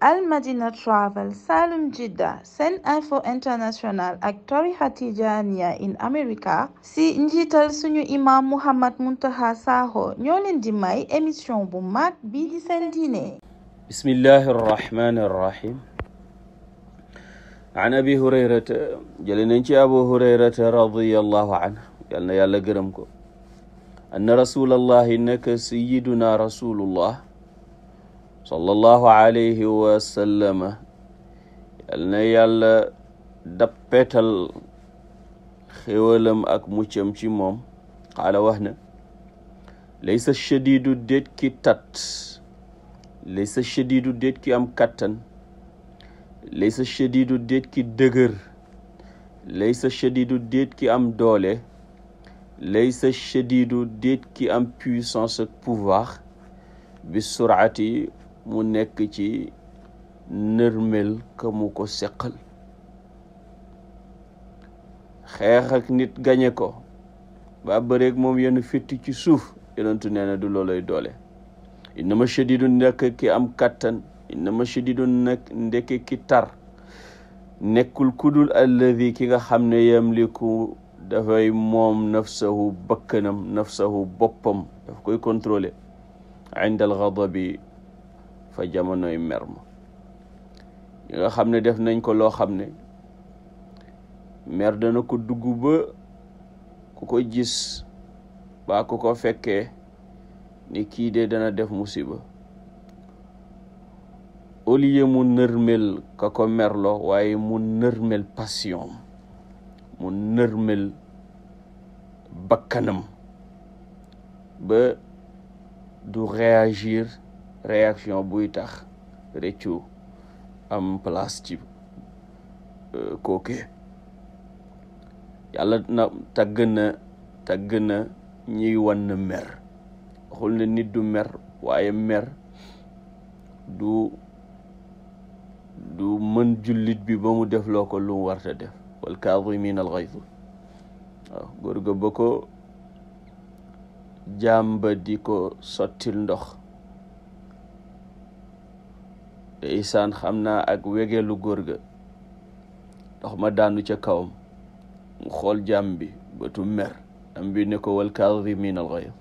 al madina travel salum jidda sen info international ak tarixa tijaaniya in america si njiital suñu imam muhammad muntaha sakho ñoo leen di may émission bu mag bii di seen diine bismillahi arrahmani arrahim an abi hurayrata jële nañ ci abu hurayrata radiallahu anhu yal na yàlla gërëm ko anna rasulallahi naka sayiduna rasulullah sallallahu alayhi wa sallama yal na yàlla dappetal xéwalam ak muccam ci moom xaala wax na laysa shadidu déet ki tat laysa shadidu déet ki am kattan laysa shadidu déet ki dëgër laysa shadidu déet ki am doole laysa shadidu déet ki am puissance pouvoir bi suraati mu nekk ci nërmel ka mu ko seqal xeex ak nit gañe ko ba bëreeg moom yenn fitti ci suuf yonentu nee na du looloy doole innama shadidu nekk ki am kàttan innama shadidu nekk ndekki ki tar nekkul kudul alladi ki nga xam ne yamliku dafay moom nafsahu bakkanam nafsahu boppam daf koy contrôler inda al ghadabi fa jamonoy mer ma ñi xam ne def nañ ko loo xam ne mer dana ko dugg ba ku ko gis baa ku ko fekkee ni kii de dana def musiba au lieu mu nërmel ka ko merlo waaye mu nërmel passion mu nërmel bakkanam ba du réagir réaction buy tax rëccu am place ci euh, kooke yàlla na tàgg na tàgg na ñiy wan mer waxul ne nit du mer waaye mer du du mën jullit bi ba mu def loo ko lu mu warta def wal kaadimiina al waaw góor ba ko jaam ba di ko sottil ndox te isaan xam naa ak wegeelu góor ga ndox ma daanu ca kawam mu xool jàmm bi tu mer am ne ko wal kaadimiina al ghayz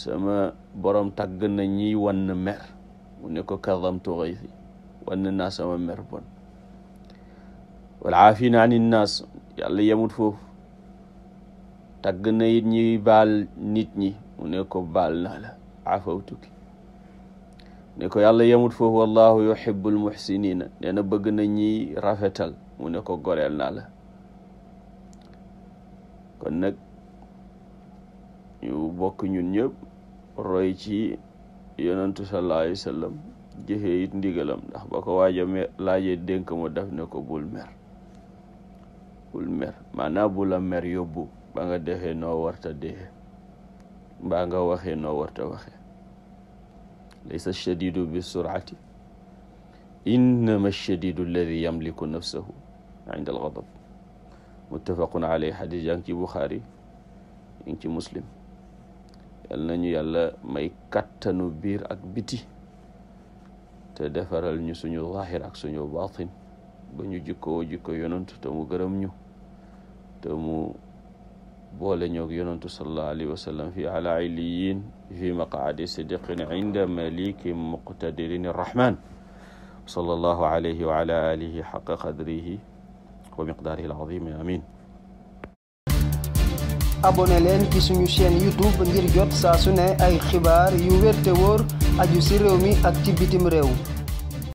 sama borom tàgg na ñiy wan mer mu ne ko kadamtu ghayzi wan naa sama mer bon wal aafina ani nnaas yàlla yemut foofu tàgg na ñi ñiy baal nit ñi mu ne ko baal naa la aafawtuki ne ko yàlla yemut foofu wallahu yuhibbul muhsinina nee na bëgg na ñi rafetal mu ne ko goreel naa la kon nag ñu bokk ñun ñëpp roy ci yonantu sallallahu alayhi wa sallam jëfee ndigalam ndax ba ko waaja me dénk mu def ne ko bul mer bul mer maanaam bu la mer yóbbu ba nga defee no warta defee mbaa nga waxee no warta waxee laysa shadidu bi surati innama shadidu alladi yamliku nafsahu inda algadab muttafaqun aley xadis yaa ngi ci buxaari yaa muslim yal nañu yàlla may kàttanu biir ak biti te defaral ñu suñu zaahir ak suñu baatin ba ñu jikkoo jikko yonent te mu gërëm ñu boole ñoog yonantu sallallahu alayhi wa sallam fi ala illiyin fi maqaadi sidiqin inda malikin muqtadirin rahman sallallahu alayhi wa ala alihi xaqa qadrihi wa miqdaarihi al-azim amin abonné leen ci suñu chaîne youtube ngir jot saa su ne ay xibaar yu wér te wóor aju si réew mi ak ci bitim réew